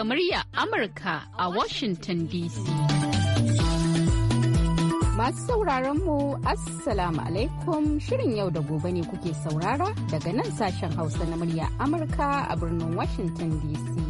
daga murya Amurka a Washington DC. Masu sauraron mu Assalamu alaikum shirin yau da gobe ne kuke saurara daga nan sashen Hausa na murya Amurka a birnin Washington DC.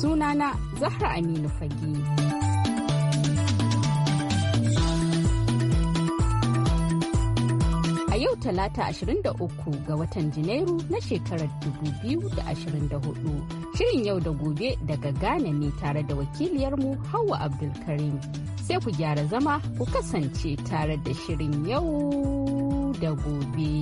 Sunana Zahra Aminu Fage. a yau talata 23 ga watan janairu na shekarar 2024 shirin yau da gobe daga ghana ne tare da wakiliyarmu hawa abdulkarim sai ku gyara zama ku kasance tare da shirin yau da gobe.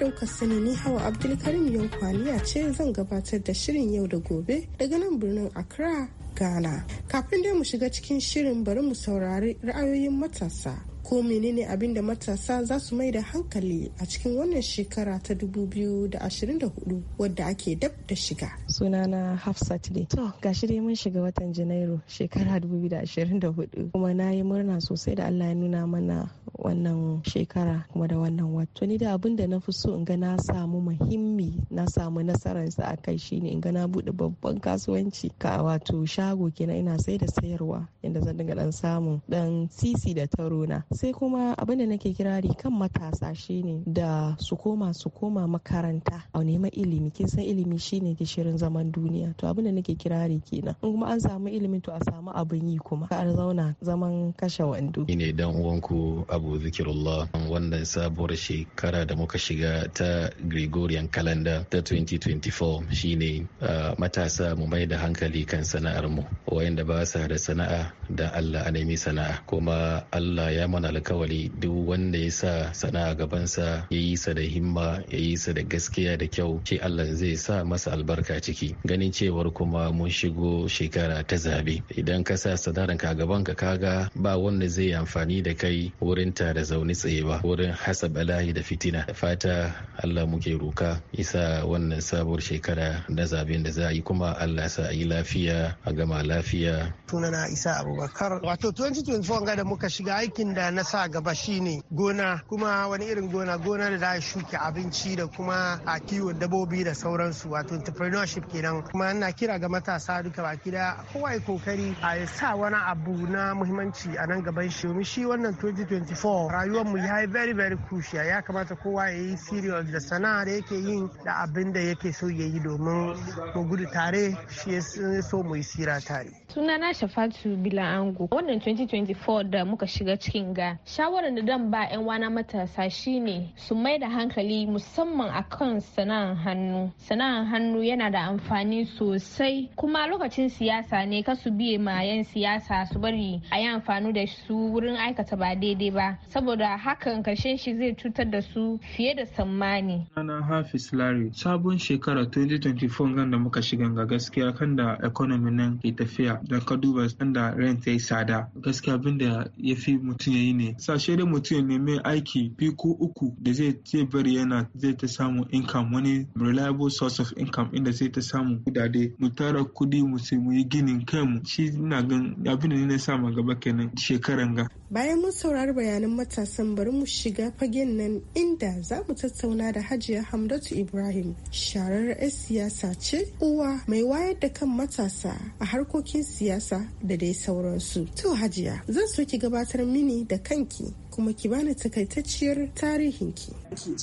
daukar sani ni hawa abdulkarim yau kwaliya ce zan gabatar da shirin yau da gobe daga nan birnin accra ghana kafin dai mu shiga cikin shirin bari mu saurari ra'ayoyin matasa ko menene abin da matasa za su mai da hankali a cikin wannan shekara ta 2024 wadda ake dab da shiga. Sunana Hafsat ne. To, ga shi mun shiga watan Janairu shekara 2024 kuma na yi murna sosai da Allah ya nuna mana wannan shekara kuma da wannan wata Tuni da abin da na fi so in ga na samu muhimmi na samu nasarar sa a kai shine in ga na bude babban kasuwanci ka wato shago kenan ina sai da sayarwa inda zan dinga dan samun dan sisi da tarona sai kuma abin da nake kirari kan matasa shine da su koma su koma makaranta a neman ilimi kin san ilimi shine gishirin zaman duniya to abin da nake kirari kenan in kuma an samu ilimi to a samu abin yi kuma ka zauna zaman kashe wando ine dan uwanku abu yablugu zikirullah wannan sabuwar shekara da muka shiga ta Gregorian calendar ta 2024 shine uh, matasa mu mai da hankali kan sana'ar mu wayanda ba sa da sana'a da Allah a nemi sana'a kuma Allah ya mana alkawari duk wanda ya sa sana'a gabansa ya yi sa da himma ya yi sa da gaskiya da kyau ce Allah zai sa masa albarka ciki ganin cewar kuma mun shigo shekara ta zabe idan ka sa sana'ar ka gaban ka kaga ba wanda zai amfani da kai wurin fita da zaune tsaye ba wurin hasa bala'i da fitina da fata allah muke roka isa wannan sabuwar shekara na zaben da za a yi kuma allah sa a yi lafiya a gama lafiya tunana isa abubakar wato 2024 ga da muka shiga aikin da na sa gaba shine gona kuma wani irin gona gona da za a shuke abinci da kuma a kiwon dabobi da sauransu wato entrepreneurship kenan kuma ina kira ga matasa duka baki da kowa ya kokari a sa wani abu na muhimmanci a nan gaban shi shi wannan 2024 rayuwar rayuwarmu ya yi very very crucial ya kamata kowa ya yi serious da sana'a da yake yin da abin da yake so ya yi domin mu gudu tare shi so mu yi sira tare sunana shafatu bila ango wannan 2024 da muka shiga cikin ga shawarar da dan ba 'yan wana matasa shine su mai da hankali musamman akan sana'ar hannu sana'ar hannu yana da amfani sosai kuma lokacin siyasa ne ka su biye ma 'yan siyasa su bari a yi amfani da su wurin aikata ba daidai ba saboda hakan karshen shi zai cutar da su fiye da sammani sunana hafiz lari sabon shekara 2024 gan da muka shiga ga gaskiya kan da economy nan ke tafiya da ka duba sanda rent ya yi tsada gaskiya abin da ya fi mutum ya yi ne sashe da mutum ya nemi aiki biyu ko uku da zai ce bari yana zai ta samu income wani reliable source of income inda zai ta samu kudade mu tara kudi mu sai mu yi ginin kanmu shi na gan abin da ni na sa ma gaba kenan shekaran ga bayan mun saurari bayanan matasan bari mu shiga fagen nan inda za mu tattauna da hajiya hamdatu ibrahim sharar siyasa ce uwa mai wayar da kan matasa a harkokin siyasa da dai sauransu. To Hajiya, zan so ki gabatar mini da kanki kuma ki bani takaitacciyar tarihinki.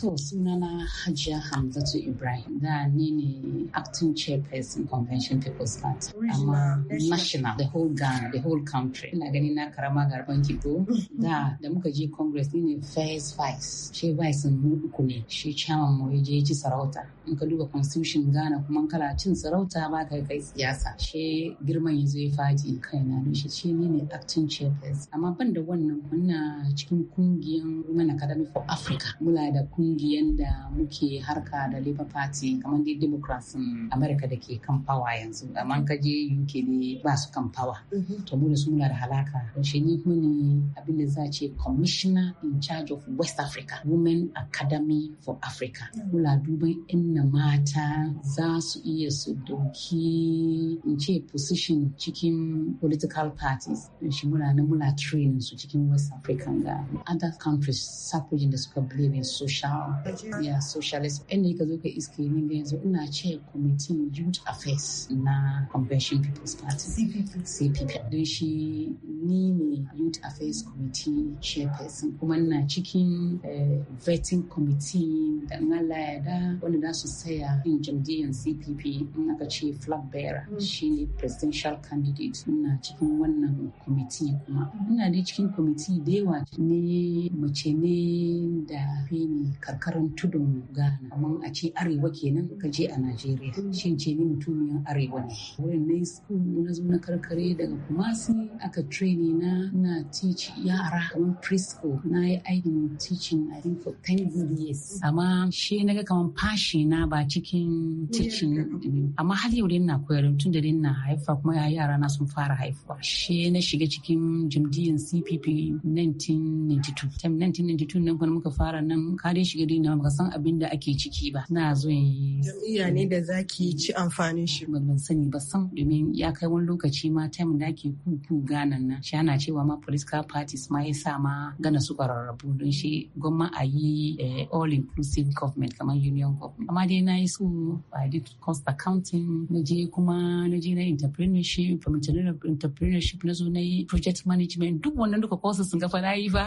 To sunana Hajiya Hamzatu Ibrahim da ni ne acting chairperson convention people's party amma national the whole Ghana the whole country. Ina gani na karama garban kibo da da muka je congress ni ne first vice shi vice mu uku ne she chairman mu je ci sarauta in ka duba constitution Ghana kuma kala cin sarauta ba ka kai siyasa she girman yanzu zai faɗi kaina don shi ce ne acting chairperson amma ban da wannan muna cikin kungiyan women academy for africa muna da kungiyan da muke harka da labour party kamar dai democrats in america da ke kan fawa yanzu amma ka je uk ne ba su kan fawa mm-hmm. to mu da su muna da halaka don shi ni kuma ne abin da za ce commissioner in charge of west africa women academy for africa mm. muna duban inna mata za su iya su dauki in ce position cikin political parties shi muna nan muna training su cikin west african ga other countries suffraging da suka believe in social yeah socialist inda ka zo ka iske ni ga yanzu ina ce committee youth affairs na convention people's party cpp cpp don shi ni ne youth affairs committee chairperson kuma ina cikin eh, vetting committee da Allah ya da wanda za su saya in jam'iyyar cpp in aka ce flag bearer mm. shine presidential Candidate ina cikin wannan kwamiti kuma ina dai cikin kwamiti da yawa ne mace ne da ni karkarar tudun ghana amma a ce arewa kenan ka je a najeriya shin ce ni mutumin arewa ne wurin na school na zo na karkare daga kumasi aka training na na teach yara kamar preschool na yi aikin teaching i think for 10 good years amma shi na ga kamar fashi na ba cikin teaching amma har yau na koyar tun da na haifa kuma yarana sun fara haifuwa she na shiga cikin jimdiyan cpp 1992 time 1992 nan kuma muka fara nan ka dai shiga duniya baka san abin da ake ciki ba na zo yi. jam'iyya ne da ki mm. ci amfanin shi ban sani ba san domin ya kai wani lokaci ma tem da ake kuku ganan nan shi ana cewa ma political parties ma ya sa ma gana su kwararrabu don shi gwamma a yi eh, all inclusive government kamar union government amma dai na yi su I di cost accounting na je kuma na je na entrepreneurship yi entrepreneurship na zo na yi project management duk wannan duka courses sun gafa na yi fa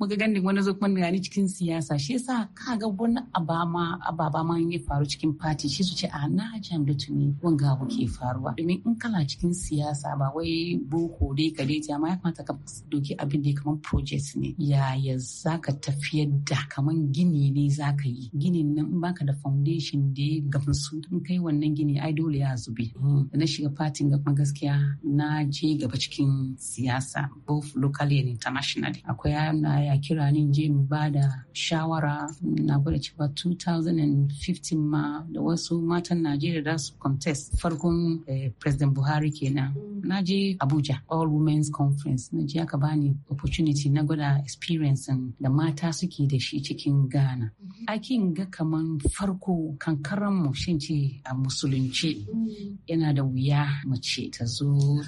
muka gani wani zo kuma gani cikin siyasa shi yasa ka ga wani abama ababa ma yi faru cikin party shi su ce a ah, na jam da tuni wanga abu ke faruwa domin in kana cikin siyasa ba wai boko dai ka dai jama ya kamata ka doki abin da kaman project ne yaya ka tafiyar da kaman gini ne za ka yi ginin na in baka da foundation da ya gamsu in kai wannan gini ai dole ya zube mm. na shiga fatin ga kuma gaskiya na je gaba cikin siyasa both locally and internationally akwai yana ya kira ni je mu ba da shawara na gwada cewa 2015 ma da wasu matan najeriya da su contest farkon eh, president buhari kenan mm. na je abuja all women's conference na je aka bani opportunity na gwada experience da mata suke da shi cikin ghana mm-hmm. akin ga kaman farko kankaran mu shin a musulunci mm. yana da wuya mace ta ta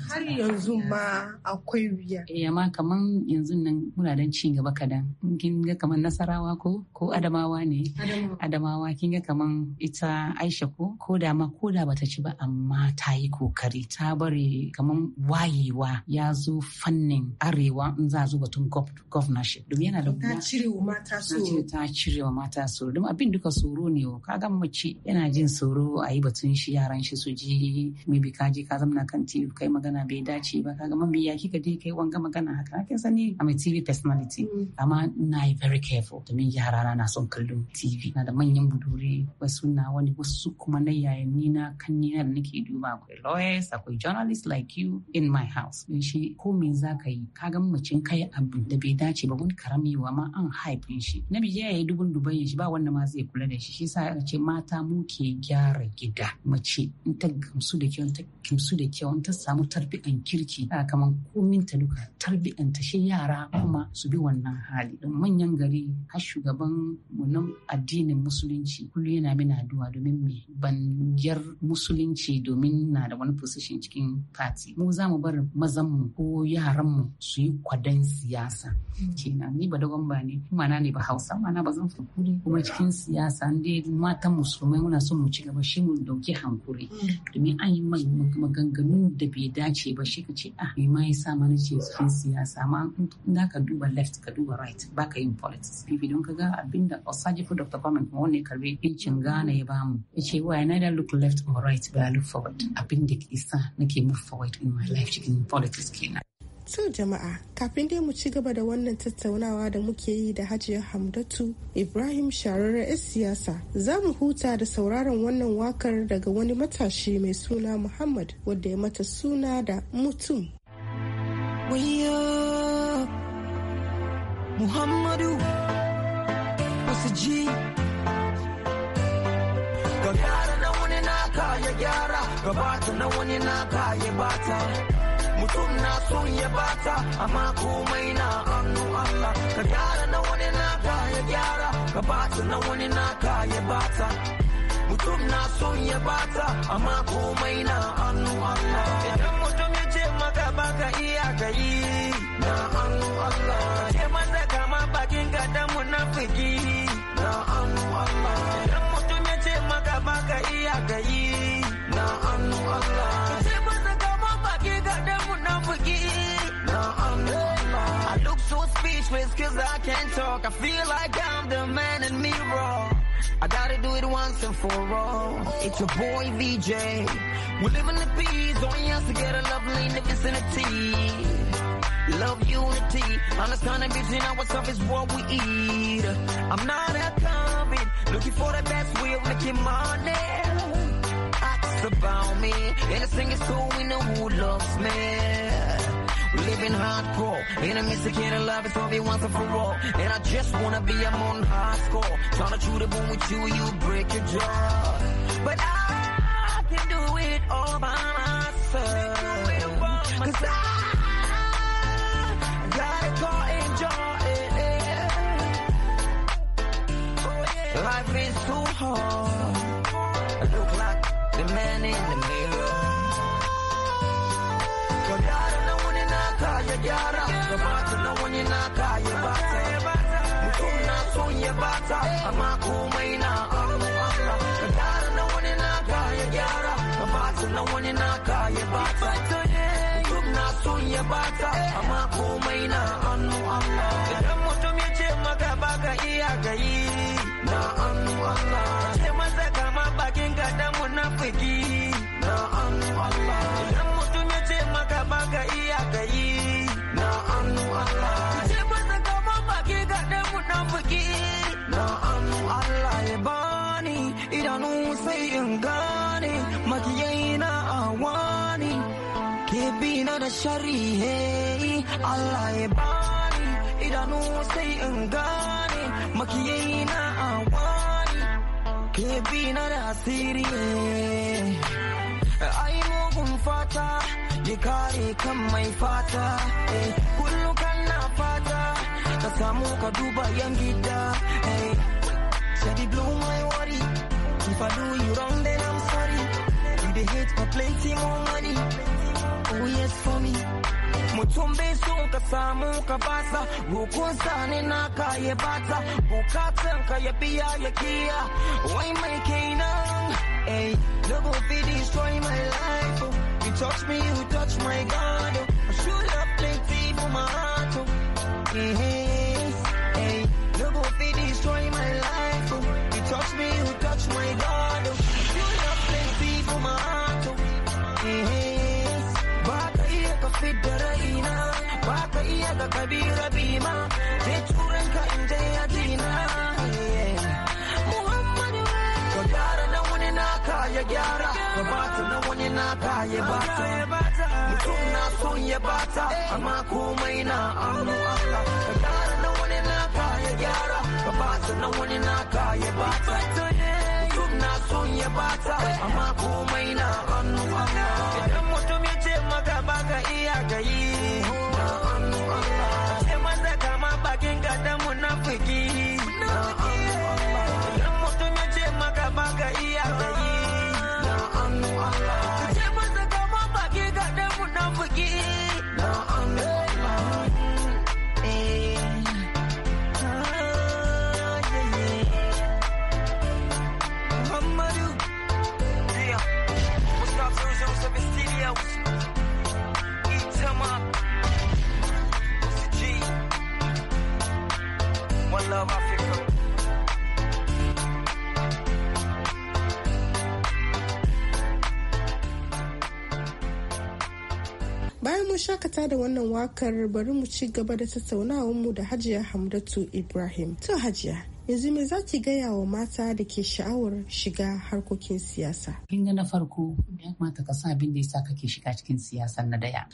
har yanzu ma akwai wuya eh amma kaman yanzu nan muna dan ci gaba kadan kin ga kaman nasarawa ko ko adamawa ne adamawa kin ga kaman ita Aisha ko ko da ma ko da bata ci ba amma ta yi kokari ta bari kaman wayewa ya zo fannin arewa in za zo batun governorship domin yana da ta cire wa mata so. ta cire wa mata so don abin duka soro ne k'a kaga mace yana jin tsoro a yi batun shi yaran shi su ji bi ka je ka zamna kan TV kai magana bai dace ba kaga mami ya kika je kai wanga magana haka kin sani I'm a TV personality mm. amma na yi very careful Min yara na son kallon TV na da manyan budure wasu na wani wasu kuma na yaya ni na kan ni da nake duba akwai lawyers akwai journalist like you in my house don shi ko me za ka yi kaga mamacin kai abu da bai dace ba wani karami wa ma an haifin shi na biye yayi dubun dubai shi ba wanda ma zai kula da shi shi sa ce mata mu ke gyara gida mace in ta gamsu da kyau ta gamsu da kyau in ta samu tarbiyan kirki a kaman komin ta duka tarbiyan ta shi yara kuma su bi wannan hali don manyan gari har shugaban mu na addinin musulunci kullum yana min addu'a domin me ban yar musulunci domin na da wani position cikin party mu za mu bar mazan mu ko yaran mu su yi kwadan siyasa kenan ni ba dogon ba ne kuma na ne ba Hausa ma na ba zan fakuri kuma cikin siyasa ne matan musulmai muna son mu ci gaba shi mu dauki hankuri mm. domin an yi maganganu da bai dace ba shi ka ce ah me ma yasa mana ce cikin siyasa amma in ka duba left ka duba right ba ka yin politics bibi don ka ga abinda da Osajifu Dr. Kwame wanda ya karbi incin Ghana ya bamu ya ce why neither look left or right but I look forward abin ke isa nake move forward in my life cikin politics kenan To jama'a kafin dai mu ci gaba da wannan tattaunawa da muke yi da hajiyar Hamdatu Ibrahim Shararra 'yan siyasa za mu huta da sauraron wannan wakar daga wani matashi mai suna Muhammad wadda ya mata suna da mutum. Muhammadu wasu ji Ka gyara na wani naka ya gyara, ka bata na wani naka ya bata. mutum na son ya bata amma komai na hannu Allah ka gyara na wani naka ya gyara ka bata na wani naka ya bata mutum na son ya bata amma komai na hannu Allah idan mutum ya ce maka baka iya ka yi na hannu Allah ce masa kama bakin ka dan munafiki na hannu Allah idan mutum ya ce maka baka iya ka yi i look so speechless cause I can't talk. I feel like I'm the man in mirror. I gotta do it once and for all. It's your boy VJ. We're living the peace. Only us together, lovely in the vicinity. Love unity. Understanding Our stuff is what we eat. I'm not a cop Anything is cool, we know who loves me. We live in hardcore, enemies again a love is for me once and for all. And I just wanna be, I'm on high score. Trying to chew the boom with you, you break your jaw. But I can do it all by myself. Cause I got it, got enjoy it. Life is too hard. I look like the man in the mirror. ta gyara ya bata na wani naka ya bata mutum na son ya bata amma komai na abu Allah ka gyara na wani naka ya gyara ka bata na wani naka ya bata mutum na son ya bata amma komai na hannu Allah idan mutum ya ce maka baka iya gayi na hannu Allah ce masa kama bakin ka na munafiki ciki Allah ya bani idanu sai in awani na da shari Allah bani idanu awani na da fata kare kan mai fata eh, kullum kan na fata ka samu ka duba yan gida hey shadi blow my worry if i do you wrong then i'm sorry you dey hate for plenty more money oh yes for me mutum bai so ka samu ka basa rokonsa naka ya bata bukatan ka ya biya ya kiya wai mai kenan hey love will destroy my life oh. you touch me you touch my god oh. i should have plenty for my heart oh. Mm -hmm. destroy my life. Oh. You touch me, you touch my God. Oh. You love plenty for my heart. Oh. Yes. Baka iya ka raina, baka iya ka kabira bima. Sai in je yadina. gyara na wani naka ya gyara, ka bata na wani ya bata. Mutum na son ya bata, amma komai na Allah. gyara na gyara ka bata na wani naka ya bata na son ya bata amma ko shakata da wannan wakar bari mu ci gaba da tattaunawar mu da Hajiya Hamdatu Ibrahim. To Hajiya, yanzu me za ki gaya wa mata da ke sha'awar shiga harkokin siyasa kin na farko ya kamata ka sa abin da yasa kake shiga cikin siyasa na daya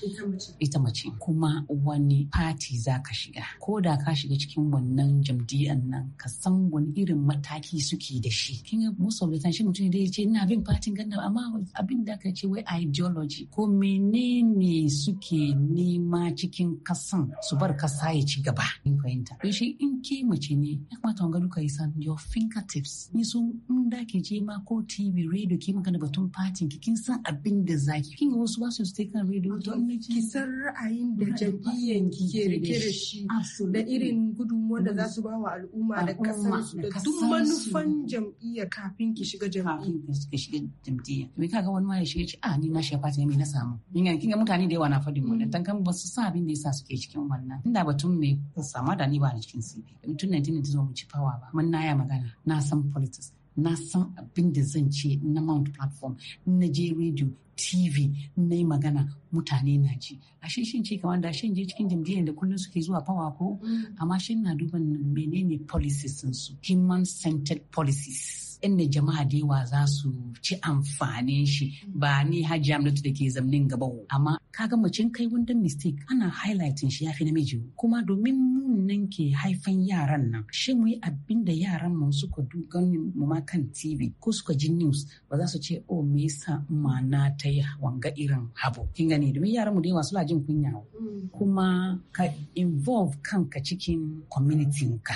ita mace kuma wani fati za ka shiga ko da ka shiga cikin wannan jam'iyyar nan ka san wani irin mataki suke da shi kin ga musu of shi mutum da ya ce ina bin fatin ganna amma abin da ka ce wai ideology ko menene suke nema cikin kasan su bar kasa ya ci gaba in fahimta in ke mace ne ya kamata kwakwalwarka is your fingertips ni sun in da ke je ma ko tv radio ki magana batun fatin ki kin san abin da zaki kin ga wasu ba su stay kan radio don ki san ra'ayin da jam'iyyan ki ke rike da shi da irin gudunmuwar da za su ba wa al'umma da kasar su da duk manufan jam'iyyar kafin ki shiga jam'iyyar kafin ki shiga jam'iyyar me kaga wani ma ya shiga ci a ni na shiga fatin me na samu kin ga mutane da yawa na fadin wannan mm. tankan ba su sa abin da yasa suke cikin wannan inda batun ne sama da ni ba ni cikin cv tun 1990 zo mu ci fawa yawa ba amma na ya magana na san politics na san abin da zan ce na mount platform na je radio tv na yi magana mutane na ji a shi ce kamar da shi je cikin jam'iyyar da kullum suke zuwa fawa ko mm. amma shi na duban menene policies su human centered policies inda jama'a da yawa za su ci amfanin shi mm. ba ni hajji amnatu da ke zanin gaba amma kaga mace kai wanda mistake ana highlighting shi ya fi namiji kuma domin mun nan ke haifan yaran nan shi mu yi abin da yaran mu suka dugan mu ma kan TV ko suka ji news ba za su ce oh me yasa na ta yi wanga irin habu kin gane domin yaran mu da yawa suna jin kunya mm. kuma ka involve kanka cikin community ka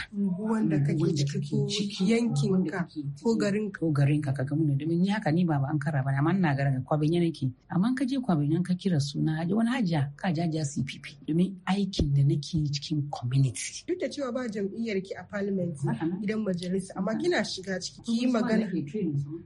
wanda kake ciki yankin ka ko garin ka. ko garin ka kaga mun domin ni haka ni ba ba an kara ba amma ina garin kwabin yanki amma ka je kwabin ka kira su na hajiya wani hajiya ka hajiya CPP domin aikin da nake cikin community. Duk da cewa ba jam'iyyar ki a parliament idan majalisa amma kina shiga ciki ki yi magana.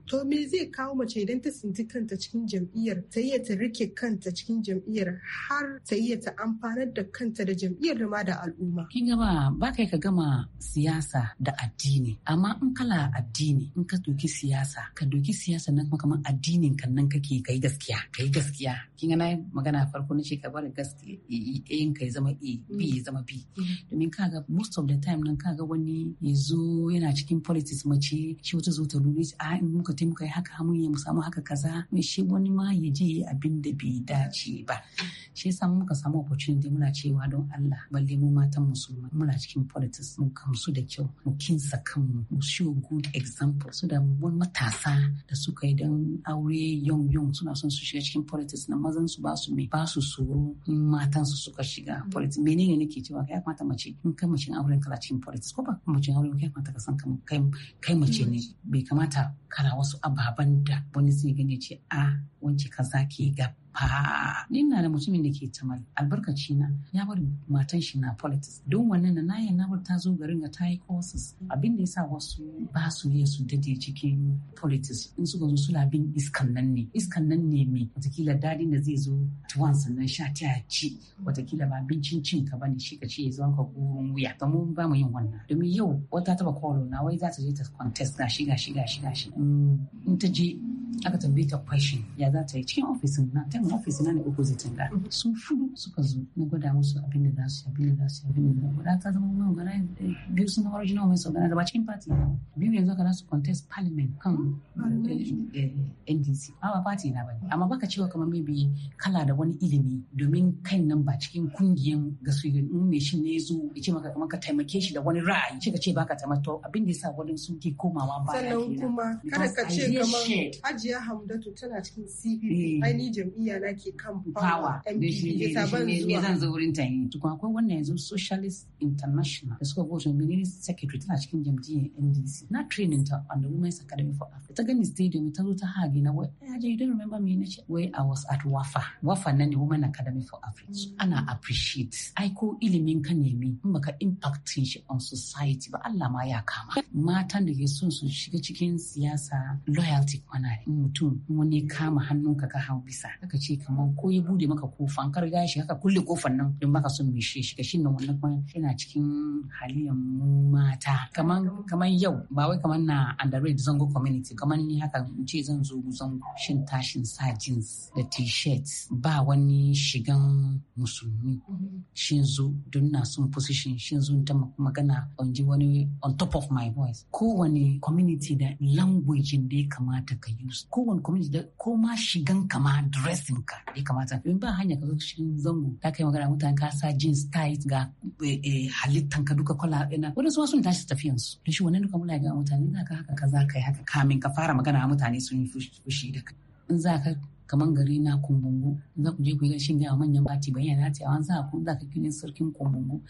To me zai kawo mace idan ta sinti kanta cikin jam'iyyar ta iya ta rike kanta cikin jam'iyyar har ta iya ta amfanar da kanta da jam'iyyar da ma da al'umma. Kin gama ba kai ka gama siyasa da addini amma in kala addini in ka doki siyasa ka doki siyasa nan kuma kamar addinin kan nan kake kai gaskiya kai gaskiya kin ga na magana magana farko na ce ka gaske gaskiya eh, eh, yin kai zama a eh, b ya mm. zama b mm-hmm. domin kaga most of the time nan kaga wani ya zo yana cikin politics mace shi wata zo ta nuna a in muka taimaka haka mun ya mu samu haka kaza mai shi wani ma ya je abin da bai dace ba shi yasa muka samu opportunity muna cewa don Allah balle mu matan musulma muna cikin politics mu kamsu da kyau mu kinsa kanmu mu show good example so da wani matasa da suka yi don aure young young suna son su shiga cikin politics na mazan su ba su ne ba su tsoro in matan su suka shiga mm. politics menene nake cewa ya kamata mace in kai mace auren kana cikin politics ko ba mace auren ya kamata ka san kai mace ne mm. bai kamata kana wasu ababen da wani zai gane ce a ah, wance kaza ke ga fa nina da mutumin da ke tamar albarkaci na ya bar matan shi na politics don wannan na nayin na ta zo garin ga ta yi courses abin da yasa wasu ba su ne su dade cikin politics in suka zo suna bin iskan nan ne iskan nan ne mai watakila dadin da zai zo tuwan sannan sha ta ci watakila ba bincin cin ka bane shi ka ce zuwan ka gurin wuya to mu ba mu yin wannan domin yau wata taba kwallo na wai za ta je ta contest gashi gashi gashi shi mm, in ta je aka tambaye ta question ya za ta yi cikin ofisin na ta ofisin na ne opposite ga sun shudu suka zo na gwada musu abin da za su abin da za su abin da za su ta zama mai magana biyu sun zama original mai sogana da ba cikin party biyu yanzu ka su contest parliament kan eh, NDC ba party na ba amma baka cewa kamar maybe kala da wani ilimi domin kan nan ba cikin kungiyan gasu in mai shi ne zo ya ce maka kamar ka taimake shi da wani ra'ayi ce ka ce baka taimaka abin da ya sa wani sun ke komawa ba sannan kuma kada ka ce kamar hajiya hamdatu tana cikin cpp eh. ai ni jam'iyya na ke kan power mpp ta ban zuwa me zan zaurin ta yi tukun akwai wannan yanzu socialist international da suka vote wani secretary tana cikin jam'iyyar ndc na training ta on the women's academy for africa ta gani stadium ta zo ta hagi na wai eh, aje you don't remember me nace wai i was at wafa wafa nan ne women academy for africa ana appreciate ai ko ilimin ka nemi in baka impact shi on society ba Allah ma ya kama matan da ke son su shiga cikin siyasa loyalty kwana ne mutum wani kama hannunka ka ka hau bisa aka ce kamar ko ya bude maka kofan kar gashi haka kulle kofan nan in maka son mishe shi ka shin wannan kuma yana cikin haliyan mu mata kaman kaman yau ba wai kaman na underrated zango community kaman ni haka in ce zan zo zan shin tashin sa jeans da t-shirt ba wani shigan musulmi shin zo don na son position shin zo ta magana on ji wani on top of my voice kowane community da language da ya kamata ka use kowane kuma da ko ma shigan kama dressing ka ya kamata in ba hanya ka zo cikin zango ta kai magana mutane ka sa jeans tight ga eh, eh, halittan ka duka kwala ina wani su sun tashi tafiyan su da shi wannan duka mula ga mutane za ka haka kaza kai haka kamin ka fara magana mutane sun yi fushi da ka in za ka kaman gari na kumbungu za ku je ku yi gashin a manyan bati bayyana ta yawan za ku za ka kini sarkin kumbungu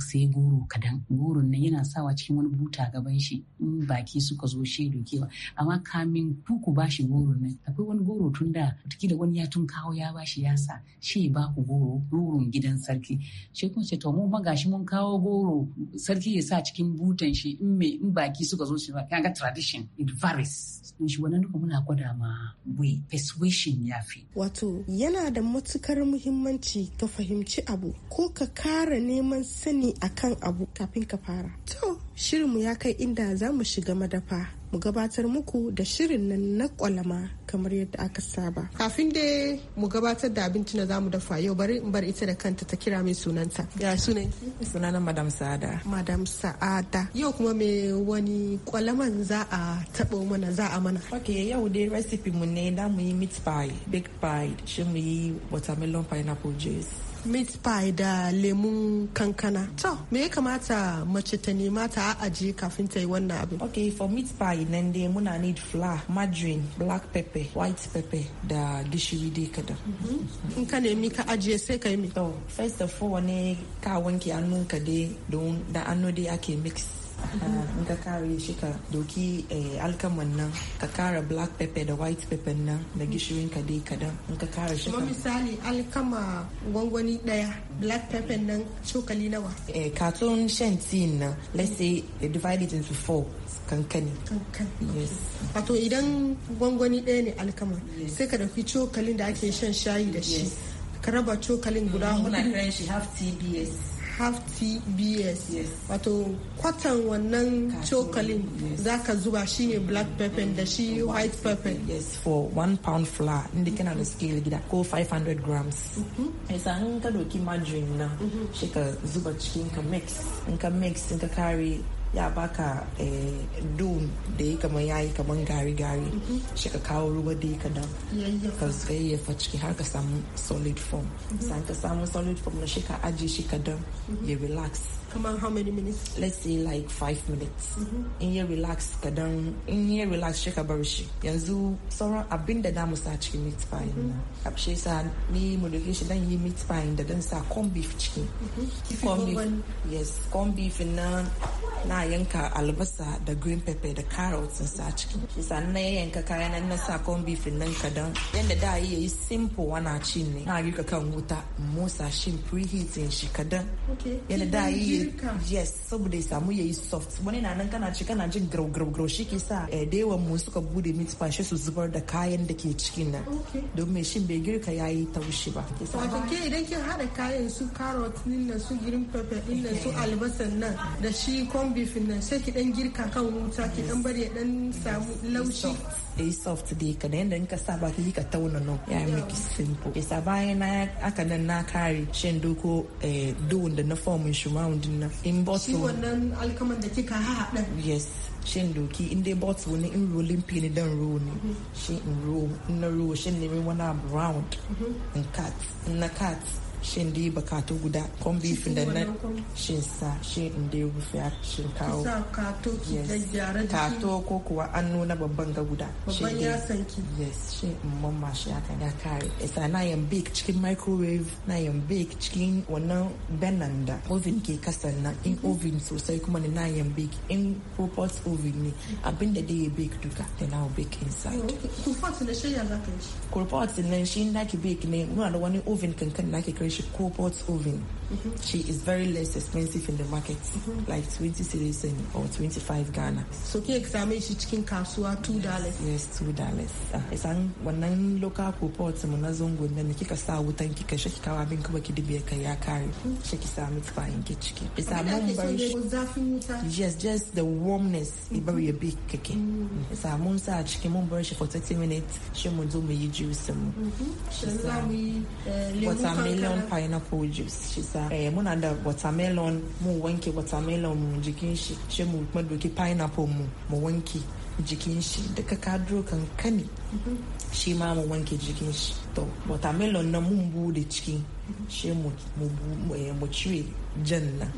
sai goro kadan goron nan yana sawa cikin wani buta gaban shi in baki suka zo shi dokewa amma kamin ku bashi goron nan akwai wani goro tun da da wani ya tun kawo ya bashi ya sa shi ba ku goro goron gidan sarki shi kuma ce to mu gashi mun kawo goro sarki ya sa cikin butan shi in me in baki suka zo shi ba kaga tradition it varies shi wannan kuma muna gwada ma we persuasion ya fi wato yana da matukar muhimmanci ka fahimci abu ko ka kara neman sani a akan abu kafin ka fara to shirinmu ya kai inda za mu shiga madafa mu gabatar muku da shirin nan na kwalama kamar yadda aka saba kafin da mu gabatar da abinci na zamu dafa yau bari in bar ita da kanta ta kira min sunanta ya sunan sunanan madam sa'ada madam sa'ada yau kuma me wani kwalaman za a taɓo mana za a mana ok yau dai recipe mu ne da mu yi meat pie baked pie shi mu yi watermelon pineapple juice meat pie da lemun kankana to me ya kamata mace ta nema ta ajiye kafin ta yi wannan abin okay for meat pie nan dai muna need flour margarine black pepper white pepper da gishiri dai kada. Mm-hmm. in ka nemi ka ajiye sai ka yi mi to first of all ne ka wanke ka dai don da hannu dai ake mix Eh, in ka kare shi ka doki eh, alkaman nan ka kara black pepper da white pepper nan da gishirin ka dai kadan in ka kara shi kuma misali alkama gwangwani daya black pepper nan cokali nawa eh katon shan tin nan let's say they eh, divide it into four kankani wato idan gwangwani daya ne alkama sai ka dauki cokalin da ake shan shayi da shi ka raba cokalin guda mm, hudu half tbs half tbs wato kwatan wannan cokalin za ka zuba shi ne black pepper da shi white pepper yes for one pound flour inda kana da scale gida ko 500 grams isa mhm. in ka doki margarine na mhm. shi ka zuba cikin ka mix in ka mix in ka kare ya baka eh, dum da ya kamar yi kamar gari-gari mm-hmm. shi ka kawo ruwa da ka dan ka yayyafa ciki har ka samu solid form mm-hmm. san ka samu solid form na shi ka aje shi ka dan mm-hmm. ya relax kamar how many minutes let's say like five minutes in ya relax ka dan in ya relax shi ka bar shi yanzu sauran abin da damu sa cikin meat pie na abshe sa ni mu doke shi dan yi meat pie da dan sa corn beef ciki corn beef yes corn beef na na yanka albasa da green pepper da carrots sa ciki sannan na yanka kayan na sa corn beef nan d'an. yanda da yi simple wana ci ne na ka kan wuta musa shin preheating shi kadan yanda da yi yes saboda ya samu yayi soft wani na nan kana ci kana jin grow grow grow shi ke sa eh, da yawan mu suka bude meat pan shi su zubar da kayan da ke cikin nan don me shin bai girka yayi taushi ba wato ke idan kin hada kayan su carrot din su green pepper din su albasan nan da shi corn ground beef nan sai ki dan girka kan wuta ki dan bari ya dan samu laushi eh soft dai ka dan dan ka sa ba ki ka tauna no ya miki simple isa bayan na aka nan na kare shin doko eh doon da na form shi ma na in bottle shi wannan alkaman da kika ha dan yes shin doki in dai bottle ne in rolling pin dan roll ne mhm. shi in roll in na roll shin ne wani round mhm. in cut in na cut shin di bakato guda kon bifin da na shin sa shi in dai rufe shin kawo kato ko kuwa an nuna babban ga guda babban ya sanki yes shin in mamma shi haka ya kare isa na yan bik cikin microwave na yan bik cikin wannan benin da oven ke kasar nan in mhm. oven sosai kuma ni na yan bik in propot oven ne mhm. abinda dai ya bik duka da oh, na bik inside kurpot na shi za ka yi kurpot ne shi na ki bik ne nuna da wani oven kankan na ki kai She cohort oven. Mm-hmm. She is very less expensive in the market, mm-hmm. like 20 cities or 25 Ghana. So ki examen shi cikin kasuwa $2? Yes, yes $2. Ah, it's Ah, isan wannan local cohort mu na zongo nan kika sa wutan kika shaki kawa bin kuma ki dibiya kai ya kare. Shi ki sa mit fayin ki ciki. Isa mun bar shi. Yes, just the warmness mm-hmm. ibar ya big kake. Mm-hmm. Isa mun sa a cikin mun bar shi for 30 minutes shi mu not mu yi juice mu. Shi za mu yi watermelon shan pineapple juice shi sa eh muna da watermelon mu wanke watermelon mu jikin shi shi mu madoki pineapple mu mu wanke jikin shi duka kadro kankani shi ma mu wanke jikin shi to watermelon na mun bude ciki shi eh, mu cire jan mhm. nan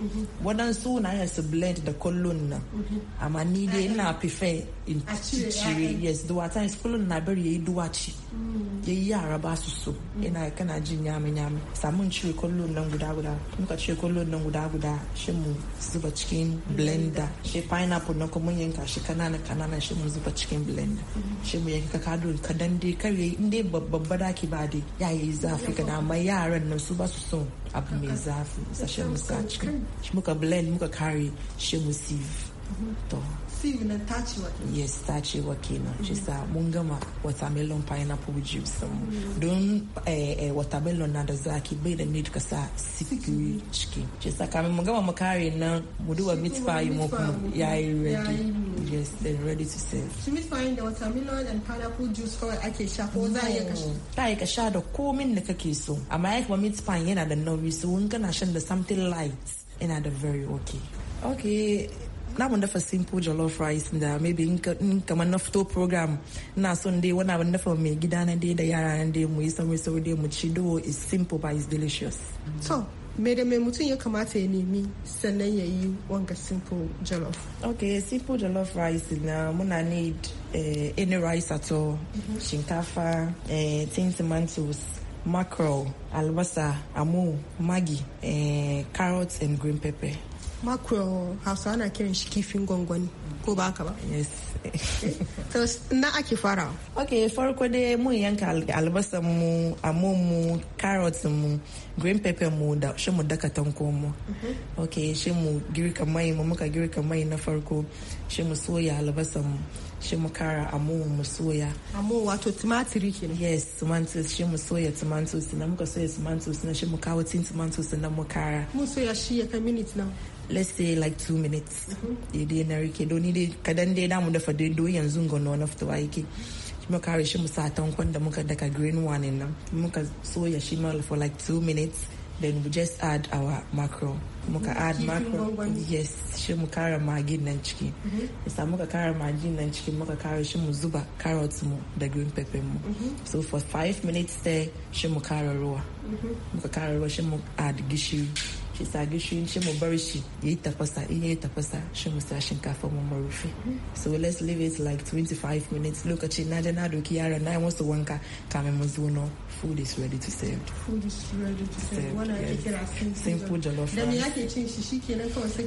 waɗansu na ya su blend da kullun na mhm. amma ni dai ina prefer in cire yes duwata is kullun na bari yayi duwaci mm. yi yara ba su so mm. ina kana jin yami yami samun cire kullun nan guda guda muka cire kullun nan guda guda shi mu zuba cikin blender shi pineapple na kuma yanka shi kanana kanana shi mu zuba cikin blender mm-hmm. shi mu yanka kado kadan dai kar yayi in dai babba daki ba dai ya yi zafi kana amma yaran nan su ba su so abu mai zafi sashen musa cikin muka blend muka kare shi mu sieve mhm. to sieve nan tacewa kenan yes tacewa kenan mm-hmm. shi uh, sa mun gama watermelon pineapple juice mu mm-hmm. don eh, eh, watermelon na da zaki bai da meat ka sa sikiri mm-hmm. ciki shi uh, sa kamin mun gama mu kare nan mu duba meat pie mu kuma yayi ready yes they ready to serve shi meat pie watermelon and pineapple juice kawai ake sha ko za ya ka sha ka sha da komin da kake so amma ya kuma meat pie yana da nauyi so in kana shan something light yana da very okay okay na mu a simple jollof rice da maybe in come na to program na Sunday, when I wonder for me, gida na day, the yara na dai mu some sauri sauri dai mu do is simple but it's delicious so me da mai mutum ya kamata ya nemi any ya yi wanga simple jollof okay simple jollof rice na muna need uh, any rice at all mm -hmm. shinkafa uh, eh, tin tomatoes mackerel albasa amu maggi uh, carrots and green pepper macro hausa ana kiran shi kifin gwangwani ko ba haka ba yes na ake fara ok farko dai mun yanka albasan mu amon mu carrot mu green pepper mu da shi mu daka tanko mu mm-hmm. ok shi mu girka mai mu muka girka mai na farko shi mu soya albasan mu shi mu kara amo mu soya amo wato tumatiri kenan yes tumatiri shi mu soya tumatiri na muka soya tumatiri na shi mu kawo tin tomatoes na mu kara mun soya shi ya kai minute na let's say like two minutes ya dai na rike doni dai kadan dai namu dafa dai do yanzu ga na of tawa yake shi muka kare shi mu kwan da muka daga green one nan muka soya shi mal for like two minutes then we just add our mackerel muka add mackerel yes shi mu kara magin nan ciki isa mhm. muka kara magin nan ciki muka kara shi mu zuba carrots mu da green pepper mu mhm. so for five minutes there shi mu kara ruwa mhm. muka kara ruwa shi mu add gishiri shi sa gishirin shi mu bar shi yayi tafasa in yayi tafasa shi mu sa shinkafa mu rufe. so let's leave it like 25 minutes lokaci na da na doki yaran na yi musu wanka kamin mu zo no food is ready to serve food is ready to serve simple jollof da me ake cin shi shikenan kawai sai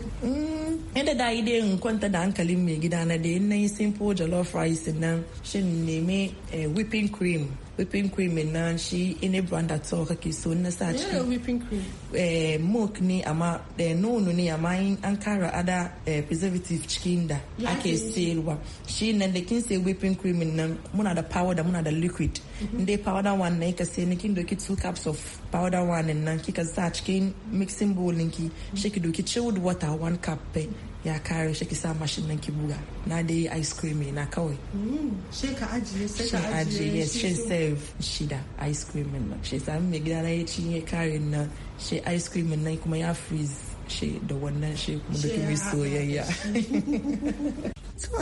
inda da Ide dai in kwanta da hankalin mai gida na da yin nayi simple jollof rice nan shin neme eh, whipping cream whipping cream in nan shi ina brand at all kake so na sa ciki yeah, whipping cream eh milk ne amma eh, nono ne amma in an kara ada eh, preservative cikin da ake sayarwa shi nan da kin sai whipping cream nan muna da powder muna da liquid in mm-hmm. dai powder one na ka sai ni kin doki two cups of powder one nan kika sa cikin mixing bowl ninki shi ki mm-hmm. doki chilled water one cup eh, ya kare shi ki sa mashin nan ki buga na dai ice cream na kawai mm, shi ka ajiye sai ka ajiye shi she save shida ice cream nan shi sa mai gida na ya ci ya kare nan shi ice cream nan kuma ya freeze she da wannan she kuma da kuma soyayya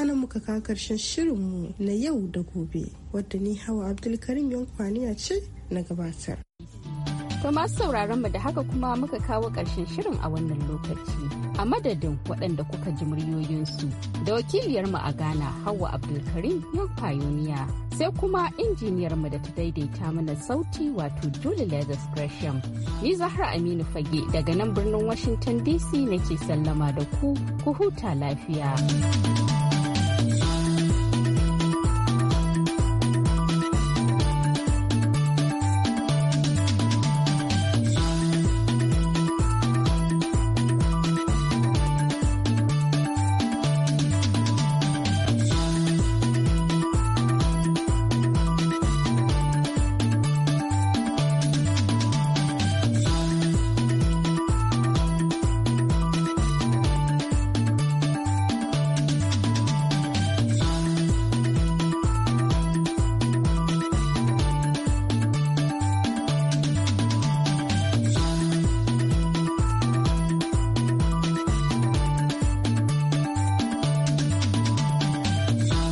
nan muka kawo karshen shirinmu na yau da gobe wadda ni hawa abdulkarim yankwaniya ce na gabatar To masu sauraron mu da haka kuma muka kawo ƙarshen shirin a wannan lokaci. A madadin waɗanda kuka ji muryoyinsu da wakiliyar mu a Ghana Hauwa Abdulkarim yan Pioneer. Sai kuma injiniyar mu da ta daidaita mana sauti wato Julie Leathers Gresham. Ni Zahra Aminu Fage daga nan birnin Washington DC nake sallama da ku, ku huta lafiya.